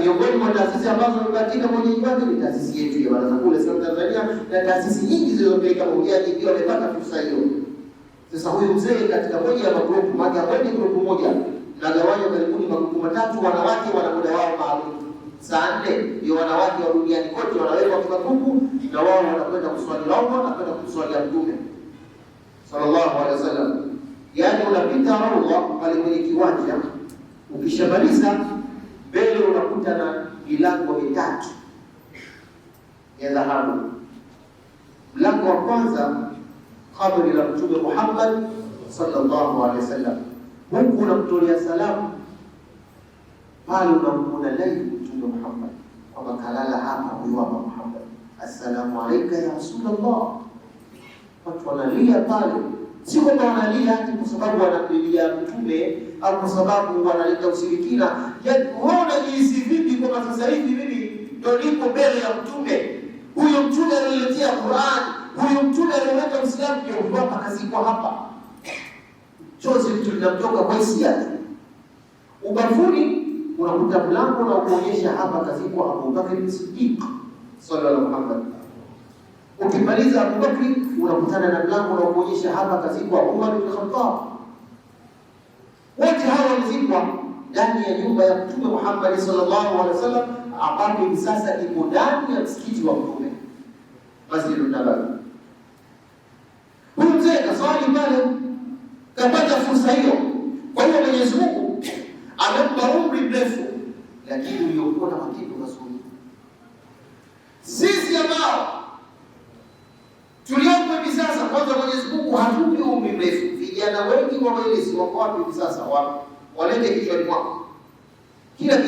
miongoni mwa taasisi ambazo katika mwenyeji wake ni taasisi yetu ya Baraza Kuu la Islamu Tanzania na taasisi nyingi zilizopeleka mahujaji pia wamepata fursa hiyo. Sasa huyu mzee katika moja ya magrupu maana kwenye grupu moja na nagawanya karibuni magrupu matatu, wanawake wana muda wao maalum saa nne ndio wanawake wa duniani kote wanawekwa kwa kimakuku na wao wanakwenda kuswali na kwenda kuswali Mtume sallallahu alaihi wasallam. Yaani unapita raudha pale kwenye kiwanja, ukishamaliza mbele unakuta na milango mitatu ya dhahabu. Mlango wa kwanza kaburi la Mtume Muhammad sallallahu alaihi wasallam, huku unamtolea salamu pale unamuona laivu Mtume Muhammad kwamba kalala hapa huyu hapa Muhammad, assalamu alaika ya Rasulullah. Watu wanalia pale, si kwamba wanalia ati kwa sababu wanamlilia Mtume au kwa sababu wanaleta ushirikina Yaona yaani, jinsi vipi kwa sasa hivi mimi ndio niko mbele ya mtume huyo, mtume aliletea Qur'an, huyo mtume aliweka Uislamu kwa kiongopaka kazikwa hapa, chozi mtu linamtoka kwa hisia ubafuni, unakuta mlango na kuonyesha hapa kazikwa Abu Bakr Siddiq sallallahu alaihi wasallam. Ukimaliza Abu Bakr unakutana na mlango na kuonyesha hapa kazikwa Umar bin Khattab. Wote hawa walizikwa ndani ya nyumba ya Mtume Muhammad sallallahu alaihi wasallam ambapo hivi sasa iko ndani ya msikiti wa Mtume Masjidun Nabawi. Huyu mzee kaswali pale, kapata fursa hiyo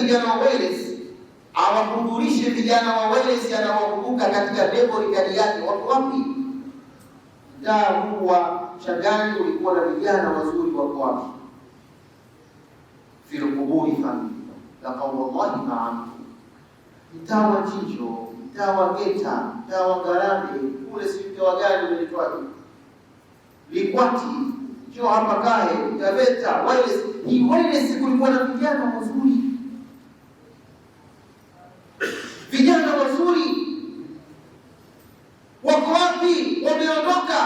vijana wa Wales awakumbulishe vijana wa Wales, anawakumbuka katika debo kali yake wako wapi? Mtaa huu wa Chagani ulikuwa na vijana wazuri, wako wapi? fi lquburi famia laqaulallahi maamku, mtaa wa Chinjo, mtaa wa Geta, mtaa wa Ngarambe kule, si mtaa wa gani unaitwaje? Likwati, njoo hapa Kahe, Taveta, Wales. Ni Wales kulikuwa na vijana wazuri jambo zuri. Wako wapi? Wameondoka.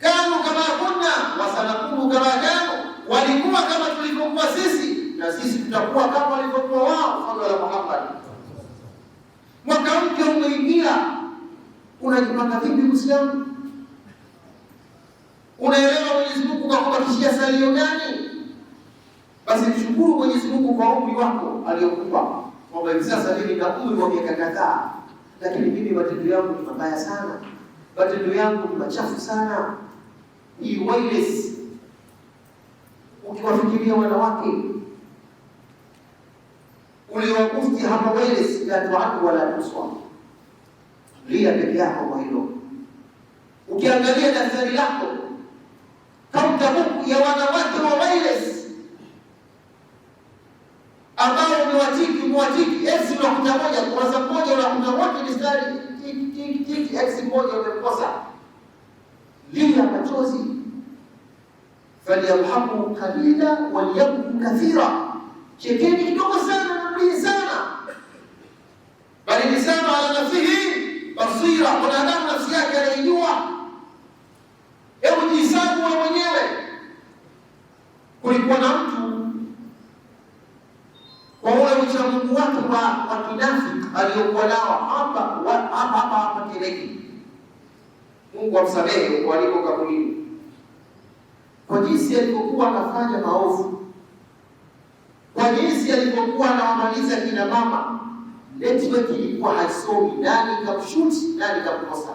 Kanu kama kuna wasanakunu kama kanu, walikuwa kama tulivyokuwa sisi na sisi tutakuwa kama walivyokuwa wao. Fungu la Muhammad, mwaka mpya umeingia, unajipanga vipi Muislamu? Unaelewa Mwenyezi Mungu kakubakishia salio gani? Basi mshukuru Mwenyezi Mungu kwa umri wako aliyokupa kwamba hivi sasa mimi na umri wa miaka kadhaa, lakini mimi matendo yangu ni mabaya sana, matendo yangu ni machafu sana. Ni wireless ukiwafikiria wanawake uliwakufti hapa wireless la tuadu wala tuswa lia peke yako kwa hilo. Ukiangalia daftari lako kaunta ya wanawake wa wireless ambao umewatiki mwatiki x unakuta moja kurasa moja unakuta wote mistari tiki x moja umekosa, lia machozi, falyalhaku kalila walyaku kathira, chekeni kidogo sana mlie sana, bali lisama ala nafsihi basira, mwanadamu nafsi yake anaijua. Hebu jihesabu wewe mwenyewe, kulikuwa na mtu kwa huo uchamungu wake kwa kinafsi aliyokuwa nao hapa hapa hapa Temeke. Mungu amsamehe kwa aliko kaburini, kwa jinsi alivyokuwa anafanya maovu, kwa jinsi alivyokuwa anawamaliza kina mama. Network ilikuwa haisomi, nani kamshuti, nani kamkosa.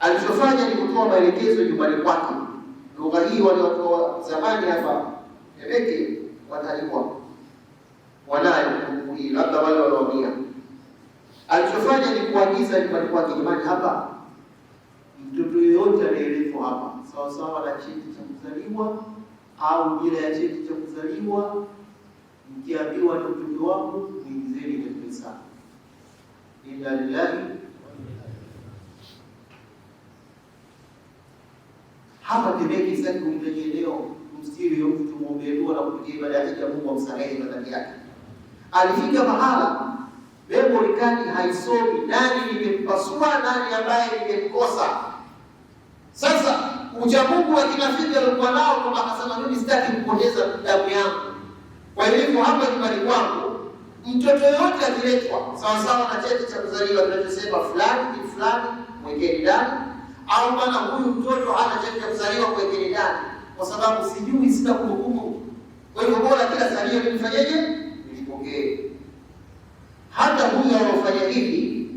Alichofanya ni kutoa maelekezo nyumbani kwake. Lugha hii waliotoa zamani hapa Temeke watalipwa, wanayo hii, labda wale wanaonia. Alichofanya ni kuagiza alikuwa Kilimani hapa, mtoto yoyote anayeletwa hapa sawasawa na cheti cha kuzaliwa au bila ya cheti cha kuzaliwa, mkiambiwa ni mtoto wangu muingizeni katika inna lillahi hapa Temeke sitaki kumtajia eneo kumstiri huyo mtu, tumwombee dua na kupigia ibada yake ya Mungu, amsamehe madhambi yake. Alifika mahala memory kadi haisomi nani nimempasua, nani ambaye nimemkosa. Sasa ucha Mungu wa kinafiki alikuwa nao, kwamba akasema mimi sitaki kupoteza damu yangu. Kwa hivyo hapa nyumbani kwangu mtoto yoyote akiletwa sawa sawa na cheti cha kuzaliwa kinachosema fulani ni fulani, mwekeni ndani, au maana huyu mtoto hana cheti cha kuzaliwa, mwekeni ndani kwa sababu sijui, sina Kwa hivyo bora kila salio nilifanyeje, nilipokee. Hata huyo alofanya hivi,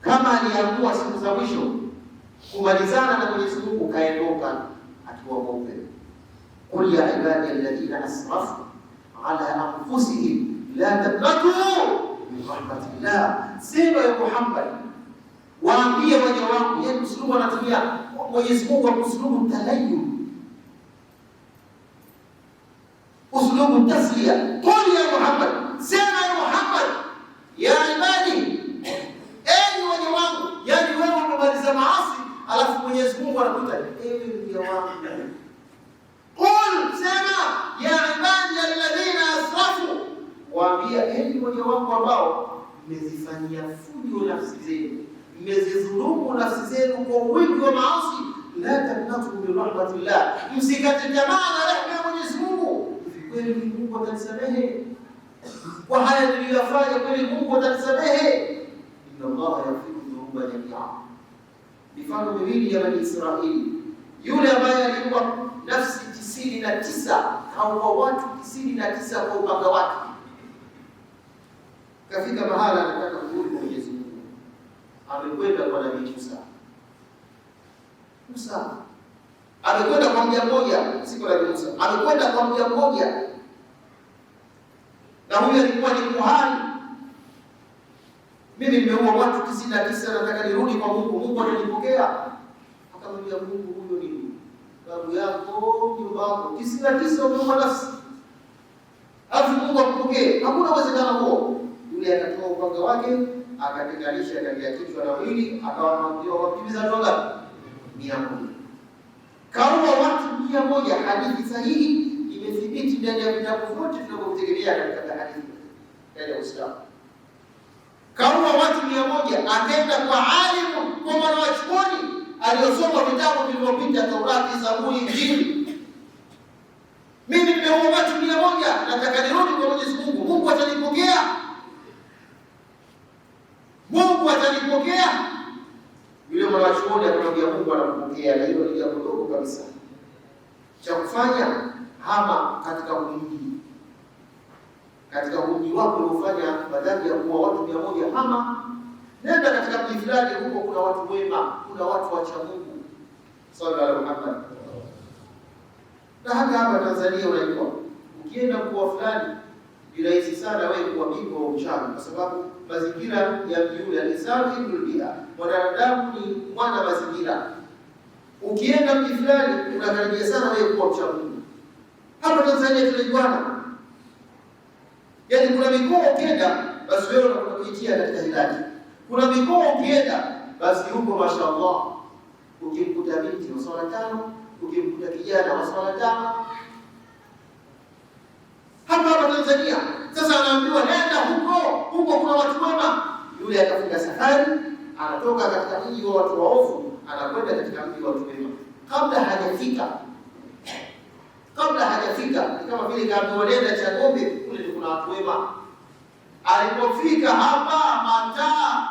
kama aliamua siku za mwisho kumalizana na Mwenyezi Mungu, kaendoka akiwa mweupe. Qul ya ibadi alladhina asrafu ala anfusihim la taqnatu min rahmatillah, sema ya Muhammad, waambie waja wangu, yeye msulubu anatumia Mwenyezi Mungu akusulubu talayyu uslub taslia, qul ya Muhammad, sema ya Muhammad, ya ibadi, enyi waja wangu. Yani wewe unamaliza maasi, alafu Mwenyezi Mungu anakuita ewe mja wangu, qul sema ya ibadi alladhina asrafu, waambia enyi waja wangu ambao mmezifanyia fujo nafsi zenu, mmezidhulumu nafsi zenu kwa wingi wa maasi, la taqnatu min rahmatillah, msikate jamaa na rehema kweli Mungu atanisamehe kwa haya niliyofanya, kweli Mungu atanisamehe. Inna Allah yaghfiru dhunuba jamia. Mifano miwili ya Bani Israili, yule ambaye aliua nafsi tisini na tisa kaua watu tisini na tisa kwa upanga wake, kafika mahala anataka kurudi Mwenyezi Mungu, amekwenda kwa Nabii Musa Musa amekwenda kwa mja mmoja siku la Musa, amekwenda kwa mja mmoja na huyo alikuwa ni kuhani. Mimi nimeua watu tisini na tisa, nataka nirudi kwa Mungu. Mungu atanipokea? Akamwambia Mungu, huyo ni babu yako, nyumba wako, tisini na tisa umeua nafsi, alafu Mungu akupokee? Hakuna uwezekano huo. Yule akatoa upanga wake akatenganisha kati ya kichwa na mwili, akawa na wapimiza mia moja Karoma watu mia moja. Hadithi sahihi imethibiti ndani ya vitabu vyote tunavyotegemea katika hadithi ndani ya Uislamu. Karoma watu mia moja, akaenda kwa alimu, kwa mwanachuoni aliyosoma vitabu vilivyopita, Taurati, Zaburi, Injili. Mimi nimeua watu mia moja, nataka nirudi kwa Mwenyezi Mungu. Mungu atanipokea, Mungu atanipokea. Yule mwanachuoni akamwambia Mungu anampokea, na hilo ni jambo dogo kabisa cha kufanya. Hama katika mji, katika mji wako uliofanya madhambi ya kuwa watu mia moja, hama nenda katika mji fulani, huko kuna watu wema, kuna watu wacha Mungu. sala ala Muhammad. Na hata hapa Tanzania unaikuwa ukienda kuwa fulani ni rahisi sana wewe kuwa bingwa wa uchawi, kwa sababu mazingira ya viumbe alisafi kulbia, mwanadamu ni mwana mazingira. Ukienda mji fulani, unakaribia sana wewe kuwa mchawi. Hapa Tanzania tunajuana, yaani kuna mikoa ukienda, basi wewe unakujitia katika hilali. Kuna mikoa ukienda, basi huko mashaallah, ukimkuta binti wa swala tano, ukimkuta kijana wa swala tano hapa hapa Tanzania. Sasa anaambiwa nenda huko huko, kuna watu wema. Yule atafunga safari, anatoka katika mji wa watu waovu, anakwenda katika mji wa watu wema. Kabla hajafika kabla hajafika, kama vile kaonenda cha ng'ombe kule, kuna watu wema. Alipofika hapa mataa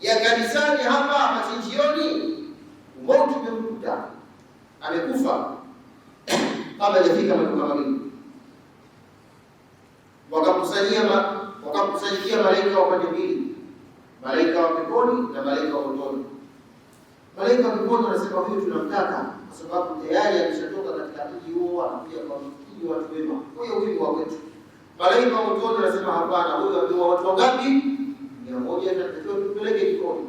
ya kanisani hapa machinjioni, mauti umemkuta amekufa kabla hajafika maduka mawili wakakusanyia wakakusanyikia malaika wa pande mbili, malaika wa peponi na malaika wa motoni. Malaika wa peponi wanasema huyu tunamtaka, kwa sababu tayari alishatoka katika mji huo, anakuja kwa mji watu wema, huyo huyu wa kwetu. Malaika wa motoni wanasema hapana, huyo ameua watu wangapi? Mia moja, tunatakiwa tupeleke jikoni.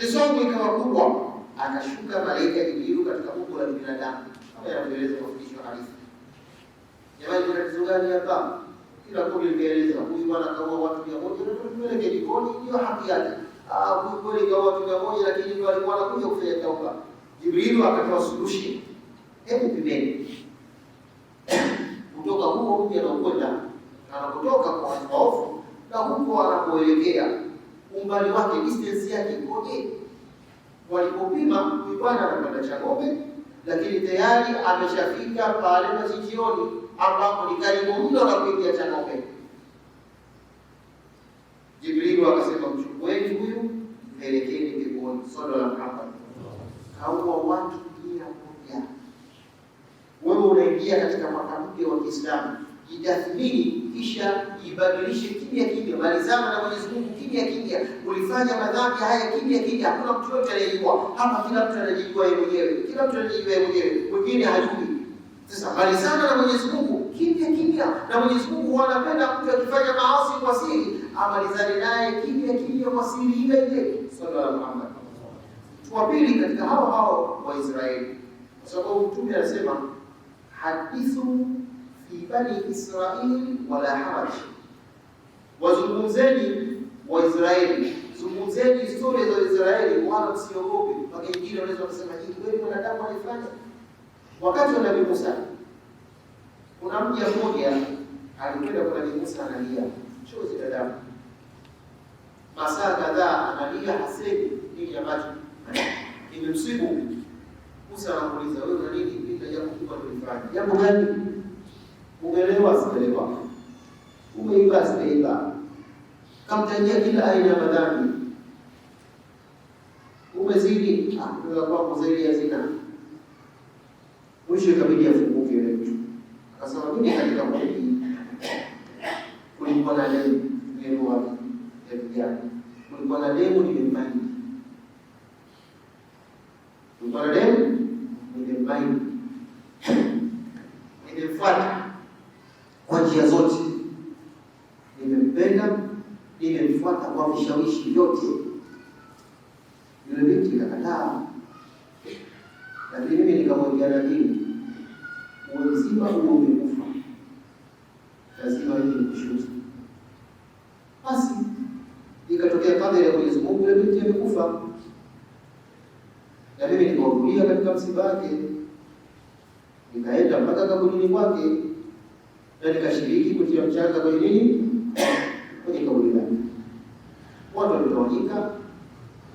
Kisongo ikawa kubwa, akashuka malaika Jibrilu katika umbo la binadamu, kama yanavyoeleza mafundisho halisi. Jamani, kuna tatizo gani hapa? kila kule likaeleza huyu bwana kaua watu mia moja na tupeleke jikoni, hiyo haki yake. Ah, Huyu kweli kaua watu mia moja lakini ndio alikuwa anakuja kufanya tauba. Jibrilu akatoa solution, hebu pimeni kutoka huko mja anaokwenda anapotoka kwa waofu na huko anapoelekea umbali wake distance yake ikoje? Walipopima huyu bwana anapanda cha ng'ombe, lakini tayari ameshafika pale na jioni ambapo ni karibu mno na kuingia chana pepo. Jibrilu akasema, mchukueni huyu mpelekeni peponi. Sala la Muhammad kaua watu mia moja. Wewe unaingia katika mwanamke wa Kiislamu, jitathmini, kisha jibadilishe kimya kimya, malizama na Mwenyezi Mungu kimya kimya. Ulifanya madhambi haya kimya kimya, hakuna mtu yote anayejua hapa. Kila mtu anajijua yeye mwenyewe, kila mtu anajijua yeye mwenyewe, mwingine hajui sasa mbali sana na Mwenyezi Mungu, kimya kimya. Na Mwenyezi Mungu anapenda mtu akifanya maasi kwa siri amalizane naye kimya kimya kwa siri ile ile. Sallallahu alaihi wasallam wa pili katika hao hao Waisraeli, kwa sababu Mtume anasema hadithu fi bani Israili wala haraj, wazungumzeni Waisraeli, zungumzeni historia za Israeli, wala msiogope. Mpaka wanaweza kusema hivi, kweli mwanadamu alifanya Wakati wa Nabii Musa kuna mja mmoja alikwenda kwa Nabii Musa analia chozi la damu, masaa kadhaa analia, hasemi nini ambacho kimemsibu Musa. Anamuuliza, wewe una nini? Mimi jambo kubwa nilifanya. Jambo gani? Umeelewa? Sielewa. Umeiba? Sijaiba. Kamtajia kila aina ya madhambi. Umezidi? Ah, kwa kwako zaidi ya zina Mwisho ikabidi afunguke yule akasema, mimi katika kweli kulikuwa na demu neno wa vijana, kulikuwa na demu nimembariki, kulikuwa na demu nimembariki, nimemfuata kwa njia zote, nimempenda, nimemfuata kwa vishawishi vyote. Yule binti kakataa lakini mimi nikamwambia na lazima huo umekufa, lazima yeye kushuti. Basi ikatokea kadhari ya Mwenyezi Mungu, yule binti amekufa, na mimi nikaudulia katika msiba wake, nikaenda mpaka kaburini kwake na nikashiriki kutia mchanga kwenye nini, kwenye kaburi lake, watu walitawanyika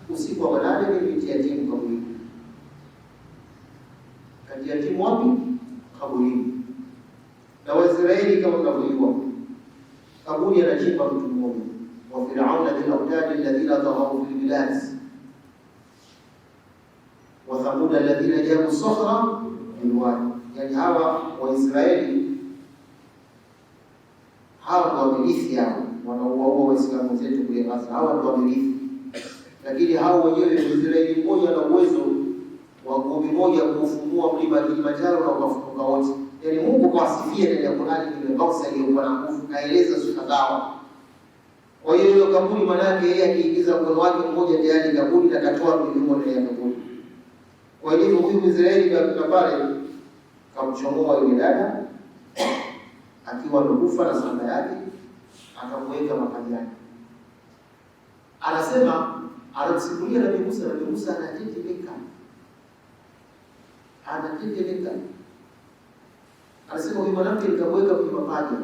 usiku wa Israeli kama tunavyojua, kaburi anachimba mtu mmoja wa Firauna bil awtadi alladhina tahawu fil bilad wa Thamud alladhina jabu sakhra bil wadi, yani hawa Waisraeli hawa ndo wamiliki hao wanauaua Waislamu zetu kule Gaza, hawa ndo wamiliki. Lakini hao wenyewe Israeli mmoja na uwezo wa ngome moja kuufumua mlima Kilimanjaro na ukafukuka wote yani Mungu kawasifia ndani ya Qur'ani ni Musa aliyekuwa na nguvu, kaeleza sifa zao. Kwa hiyo hiyo kaburi manake yeye akiingiza mkono wake mmoja tayari kaburi na katoa milimo ndani ya kaburi. Kwa hiyo huyu Israeli kapita pale kamchomoa yule dada akiwa amekufa na sanda yake akamweka mapajani. Anasema anamsimulia Nabii Musa, Nabii Musa anatetemeka, anatetemeka Anasema huyu mwanamke nikamweka kwenye mapaja,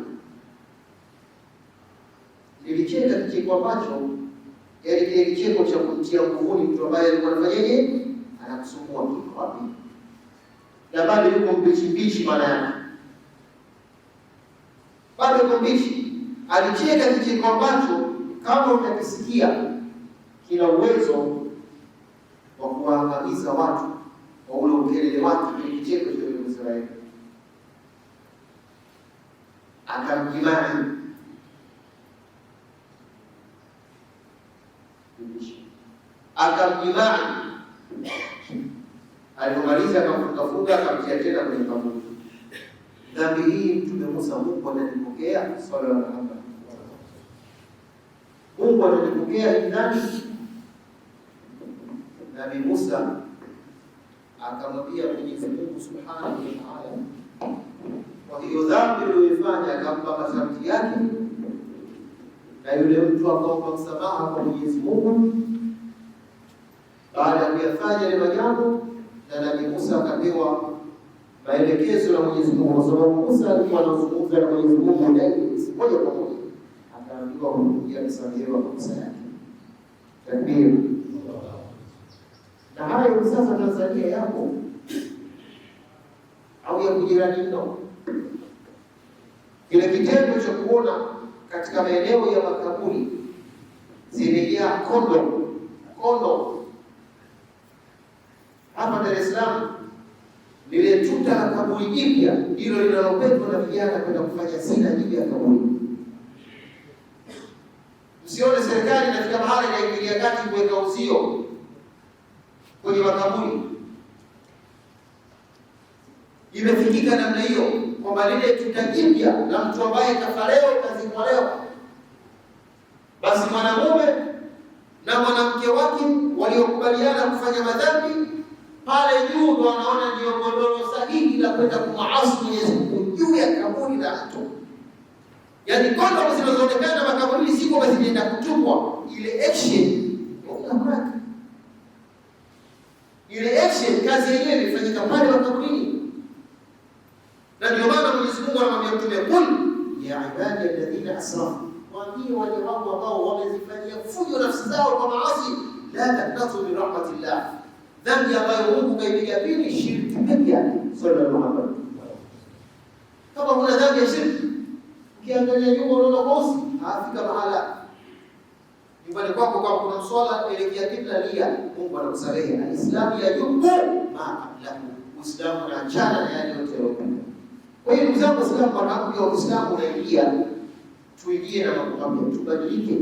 nilicheka kicheko ambacho yaani kile kicheko cha kumtia nguvuni mtu ambaye alikuwa anafanyaje, anakusumbua mtu wapi, na bado yuko mbichi mbichi, maana yake bado yuko mbichi. Alicheka kicheko ambacho kama utakisikia kina uwezo wa kuwaangamiza watu wa ule ukelele wake, kile kicheko cha Israeli akamjibani akamjibani. Alipomaliza akafungafunga akamtia tena kwenye kaburi. Dhambi hii Mtume Musa, Mungu ananipokea swala la Muhammad, Mungu ananipokea dhambi. Nabii Musa akamwambia Mwenyezi Mungu subhanahu wa ta'ala kwa hiyo dhambi aliyoifanya akampa masharti yake, na yule mtu akaomba msamaha kwa Mwenyezi Mungu baada ya kuyafanya yale majambo, na Nabii Musa akapewa maelekezo na Mwenyezi Mungu, kwa sababu Musa alikuwa anazungumza na Mwenyezi Mungu moja kwa moja, akaambiwa kuja kusamehewa makosa yake. Takbir! Na hayo sasa Tanzania yapo au ya kujirani mno Kile kitendo cha kuona katika maeneo ya makaburi zimejaa kondo kondo. Hapa Dar es Salaam lile tuta la kaburi jipya hilo linalopendwa na vijana kwenda kufanya sina jipya ya kaburi. Msione serikali inafika mahali inaingilia kati kuweka uzio kwenye makaburi, imefikika namna hiyo kwamba lile tunda jipya la mtu ambaye kafaleo leo leo, basi mwanamume na mwanamke wake waliokubaliana kufanya madhambi pale juu ndo wanaona ndio godoro sahihi la kwenda kumwasi Mwenyezi Mungu juu ya kaburi la mtu. Yaani kwanza zinazoonekana makaburini si kwamba zinaenda kutupwa, ile action ile action, kazi yenyewe imefanyika pale makaburini. Na ndio maana Mwenyezi Mungu anamwambia mtume, kul ya ibadi alladhina asrafu, waambie wale wangu ambao wamezifanyia fujo nafsi zao kwa maasi, la taqnatu min rahmatillah, dhambi ambayo Mungu kaipiga pili shirki peke yake. Sallallahu alaihi wasallam, kama kuna dhambi ya shirki, ukiangalia nyuma unaona bosi haafika mahala nyumbani kwako, kama kuna swala elekea kibla, lia Mungu anakusamehe. Alislamu yajubu ma qablahu, Uislamu unaachana na yale yote yaliyokuwa Kwa hiyo ndugu zangu Waislamu, kwa sababu ya Uislamu unaingia, tuingie na mambo, tubadilike.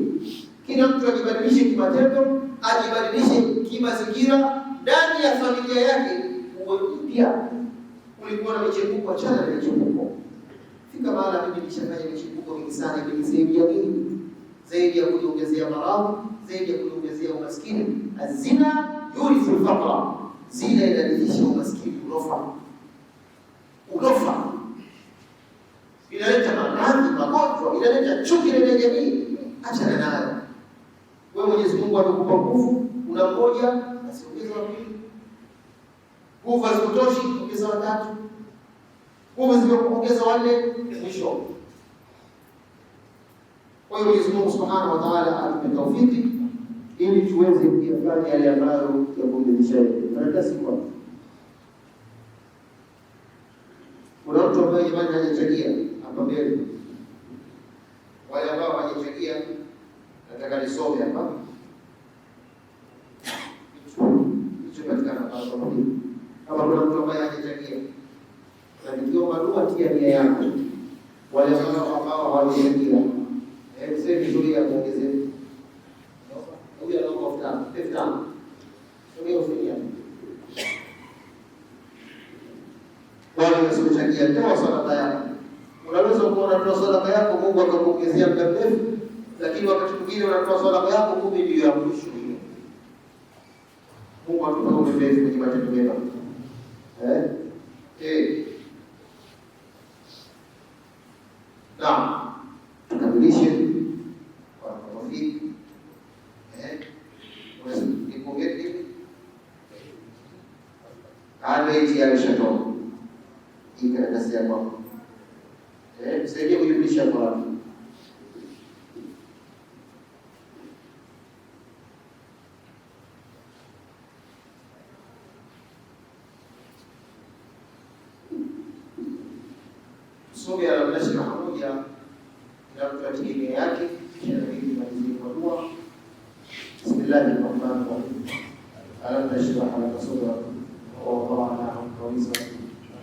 Kila mtu ajibadilishe kimatendo, ajibadilishe kimazingira, ndani ya familia yake uwe mpya. Ulikuwa na michepuko, achana na michepuko. Fika mahala, mimi nishafanya michepuko mingi sana, kwenye sehemu ya dini, zaidi ya kujiongezea maradhi, zaidi ya kujiongezea umaskini? Azina yurifu lfaqra, zina inaridhisha umaskini, ulofa ulofa inaleta maradhi, magonjwa, inaleta chuki ndani ya jamii. Achana nayo wewe. Mwenyezi Mungu anakupa nguvu, unangoja asiongeza wapili, nguvu hazikutoshi, ongeza watatu, nguvu zimekuongeza wanne, mwisho. Kwa hiyo Mwenyezi Mungu Subhanahu wa Ta'ala atupe taufiki ili tuweze kuyafanya yale ambayo ya Na karatasi kwa kuna mtu ambaye jamani hajachangia kwenu. Wale ambao hawajachagia, nataka nisome hapa kama kuna mtu ambaye hajachagia, na nikiomba tia nia yako come penso che gli vada bene. Eh? E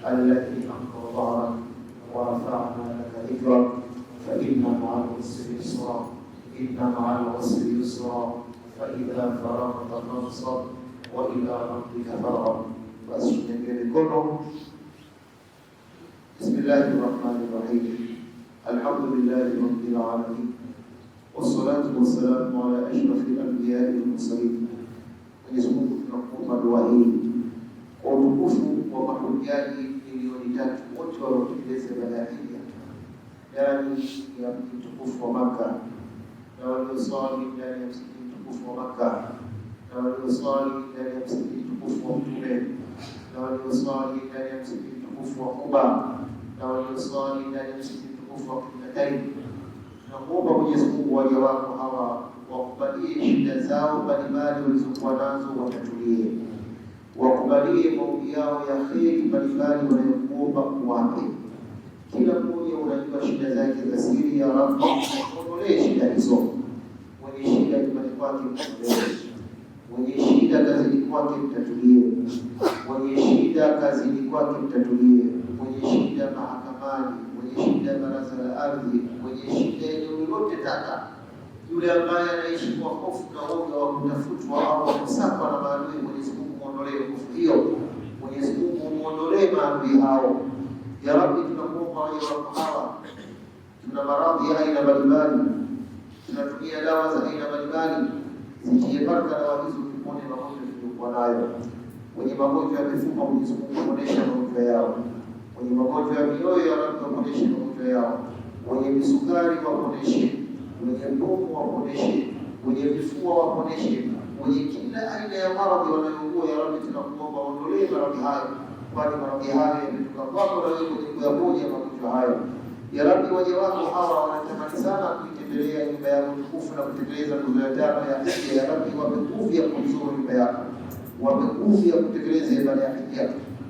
التي أنقضنا ورفعنا لك ذكرك فإن مع العسر يسرا إن مع العسر يسرا فإذا فرغت فانصب وإلى ربك فارغب فاسجد لكلهم بسم الله الرحمن الرحيم الحمد لله رب العالمين والصلاة والسلام على أشرف الأنبياء والمرسلين Mwenyezi Mungu tunakuomba dua hii milioni tatu wote waliotekeleza ibada hii ndani ya mji mtukufu wa Maka na walioswali ndani ya msikiti mtukufu wa Maka na walioswali ndani ya msikiti mtukufu wa Mtume na walioswali ndani ya msikiti mtukufu wa Kuba na walioswali ndani ya msikiti mtukufu wa Kiblatai na kuomba Mwenyezi Mungu waja wako hawa wakubalie shida zao mbalimbali walizokuwa nazo, watatulie wakubalie maombi yao ya kheri mbalimbali wanayokuomba kwake. Kila mmoja unajua shida zake za siri, ya Rabbi ondolee shida hizo. Mwenye shida nyumbani kwake mtaolee, mwenye shida kazini kwake mtatulie, mwenye shida kazini kwake mtatulie, mwenye shida mahakamani, mwenye shida baraza la ardhi, mwenye shida eneo lolote taka yule ambaye anaishi kwa hofu na uoga wa kutafutwa au kusakwa na maadui Mwenyezi Mungu tuondolee nguvu hiyo, Mwenyezi Mungu muondolee maadui hao. Ya Rabbi, tunakuomba waja wako hawa, tuna maradhi ya aina mbalimbali, tunatumia dawa za aina mbalimbali, zitie baraka dawa hizo, tupone magonjwa tuliokuwa nayo. Wenye magonjwa ya mifupa, Mwenyezi Mungu aponeshe magonjwa yao. Wenye magonjwa ya mioyo, Ya Rabbi, waponeshe magonjwa yao. Wenye misukari waponeshe, wenye mgongo waponeshe, wenye vifua waponeshe kwenye kila aina ya maradhi wanayougua. Ya Rabbi, tunakuomba ondolee maradhi hayo, kwani maradhi hayo yametoka kwako na wewe kuyaponya magonjwa hayo. Ya Rabbi, waja wako hawa wanatamani sana kuitembelea nyumba yako tukufu na kutekeleza nguzo ya tano ya hija. Ya Rabbi, wape nguvu ya kuzuru nyumba yako, wape nguvu ya kutekeleza ibada ya hija.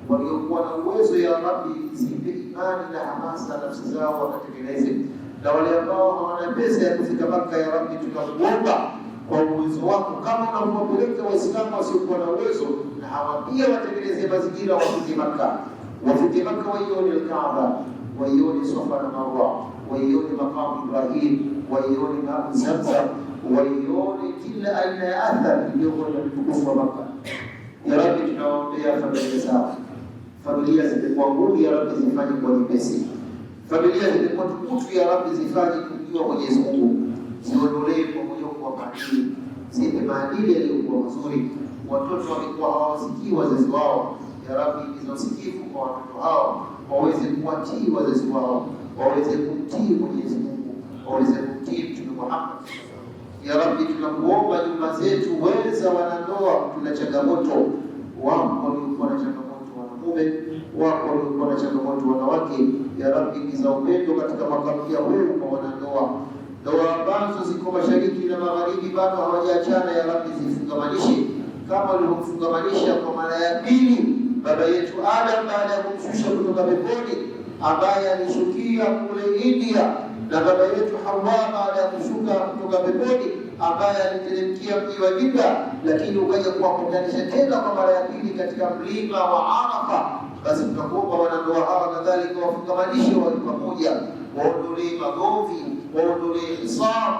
Waliokuwa na uwezo, ya Rabbi, zipe imani na hamasa nafsi zao wakatekeleze, na wale ambao hawana pesa ya kufika Maka, ya Rabbi, tunakuomba kwa uwezo wako, kama unavyowapeleka Waislamu wasiokuwa na uwezo na hawa hawapia watengeneze mazingira wafike Maka, wafike Maka waione Alkaaba, waione Safa na Marwa, waione makamu Ibrahim, waione maji Zamzam, waione kila aina ya athari iliyoko na mtukufu wa Maka. Ya Rabbi, tunawaombea familia zao, familia zimekuwa ngumu, ya Rabbi zifanye kwa nyepesi, familia zimekuwa tukutu, ya Rabbi zifanye kujua Mwenyezi Mungu, ziondolee makini, zile maadili yaliyokuwa mazuri. Watoto walikuwa hawawasikii wazazi wao, ya Rabbi hizo sikifu kwa watoto hao, waweze kuwatii wazazi wao, waweze kumtii Mwenyezi Mungu, waweze kumtii Mtume Muhammad. Ya Rabbi, tunakuomba nyumba zetu, weza wanandoa, tuna changamoto wako waliokuwa na changamoto wanaume, wako waliokuwa na changamoto wanawake. Ya Rabbi, za upendo katika makamia huu kwa wanandoa ndoa ambazo ziko mashariki na magharibi bado hawajaachana, ya Rabbi zifungamanishi kama ulivyomfungamanisha kwa mara ya pili baba yetu Adam baada ya kumshusha kutoka peponi, ambaye alishukia kule India, na baba yetu Hawa baada ya kushuka kutoka peponi, ambaye aliteremkia mji wa Jeddah, lakini ukaja kuwakutanisha tena kwa mara ya pili katika mlima wa Arafa. Basi tunakuomba wanandoa hawa kadhalika wafungamanishe wawe pamoja, waondolee magomvi waondolee hisab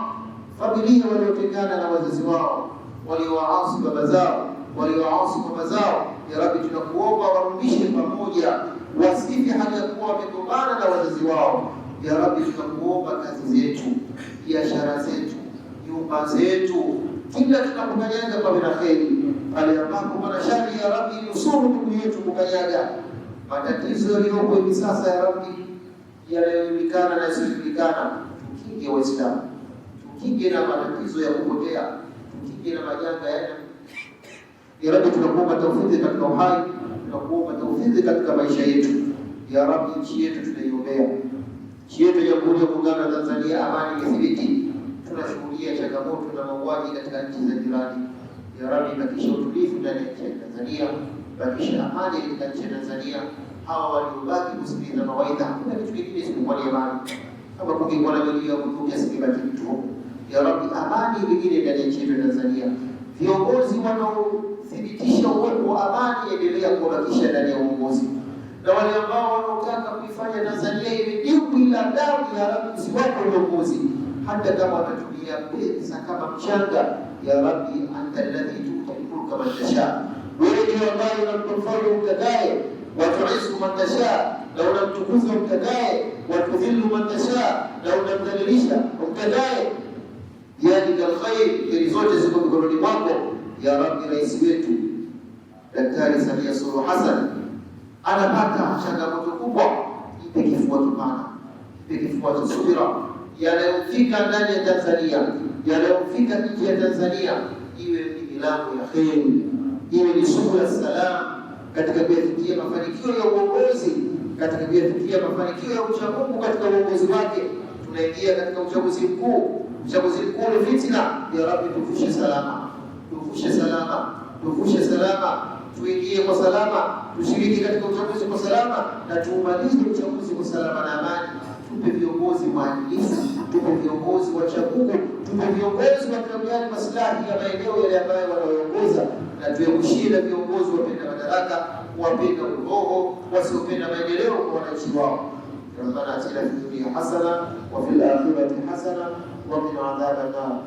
familia waliotengana na wazazi wao, waliowaasi baba zao, waliowaasi baba zao. Ya Rabbi, tunakuomba warudishe pamoja, wasifi hali ya kuwa wamegombana na wazazi wao. Ya Rabbi, tunakuomba kazi zetu, biashara zetu, nyumba zetu, kila tunakukanyaga kwa kheri, pale ambapo pana shari. Ya Rabbi, nusuru ndugu yetu kukanyaga matatizo yaliyoko hivi sasa. Ya Rabbi, yanayojulikana na yasiyojulikana tukumbuke Waislamu, tukinge na matatizo ya kupotea, tukinge na majanga yana ya Rabbi, tunakuomba taufidhi katika uhai, tunakuomba taufidhi katika maisha yetu. Ya Rabbi, nchi yetu tunaiombea, nchi yetu ya Jamhuri ya Muungano wa Tanzania, amani ithibiti. Tunashuhudia changamoto na mauaji katika nchi za jirani. Ya Rabbi, bakisha utulivu ndani ya nchi ya Tanzania, bakisha amani katika nchi ya Tanzania. Hawa waliobaki kusikiliza mawaidha, hakuna kitu kingine isipokuwa ni amani kama kukingwa na milio ya kuvuja Sibibaki tu. Ya Rabbi, amani ilingine ndani ya nchi yetu ya Tanzania, viongozi wanaothibitisha uwepo wa amani endelea kuwabakisha ndani ya uongozi, na wale ambao wanaotaka kuifanya Tanzania iwe dimbwi la damu, ya Rabbi, usiwape uongozi hata kama watatumia pesa kama mchanga. Ya Rabbi, anta alladhi tu'til mulka man tasha, wewe ndiye ambaye unampa ufalme ukadae, watuizu man na unamtukuza umtakaye, watudhillu man na unamdhalilisha umtakaye. Yani kalkhair, heri zote ziko mikononi mwako ya Rabbi. Rais wetu Daktari Samia Suluhu Hassan anapata changamoto kubwa, ipe kifua kipana, ipe kifua cha subira. Yanayofika ndani ya Tanzania, yanayofika nje ya Tanzania, iwe ni milango ya kheri, iwe ni sumu ya salam, katika kuyafikia mafanikio ya uongozi katika kuyafikia mafanikio ya ucha Mungu katika uongozi wake. Tunaingia katika uchaguzi mkuu. Uchaguzi mkuu ni fitina. Ya Rabbi, tuvushe salama, tuvushe salama, tuvushe salama, tuingie kwa salama, tushiriki katika uchaguzi kwa salama, na tuumalize uchaguzi kwa salama na amani. Tupe viongozi waadilifu, tupe viongozi wa Mungu, tupe viongozi wa maslahi ya maeneo yale ambayo wanaongoza na tuwe mshida viongozi wapenda madaraka, wapenda ugogo, wasiopenda maendeleo kwa wananchi wao. Rabbana atina fid dunya hasana wa fil akhirati hasana wa qina adhaban nar